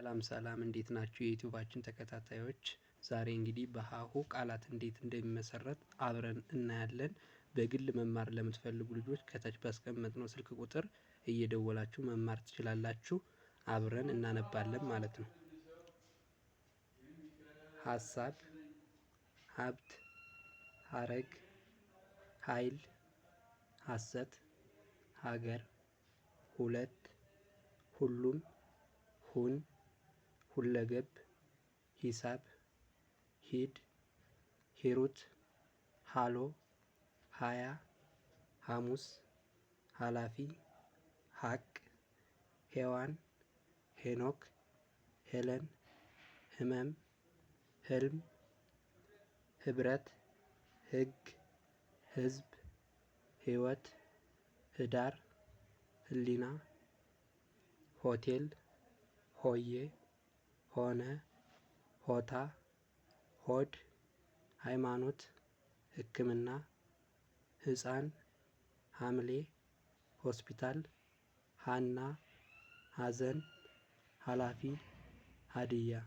ሰላም ሰላም እንዴት ናችሁ የዩቲዩባችን ተከታታዮች? ዛሬ እንግዲህ በሀሁ ቃላት እንዴት እንደሚመሰረት አብረን እናያለን። በግል መማር ለምትፈልጉ ልጆች ከታች ባስቀመጥነው ስልክ ቁጥር እየደወላችሁ መማር ትችላላችሁ። አብረን እናነባለን ማለት ነው። ሀሳብ፣ ሀብት፣ ሀረግ፣ ኃይል፣ ሀሰት፣ ሀገር፣ ሁለት፣ ሁሉም፣ ሁን ሁለገብ ሂሳብ ሂድ ሂሩት ሃሎ ሃያ ሐሙስ ሃላፊ፣ ሀቅ ሄዋን ሄኖክ ሄለን ህመም ህልም ህብረት ህግ ህዝብ ህይወት ህዳር ህሊና ሆቴል ሆዬ ሆነ ሆታ ሆድ ሃይማኖት ህክምና ህፃን ሐምሌ ሆስፒታል ሃና ሀዘን ኃላፊ ሀዲያ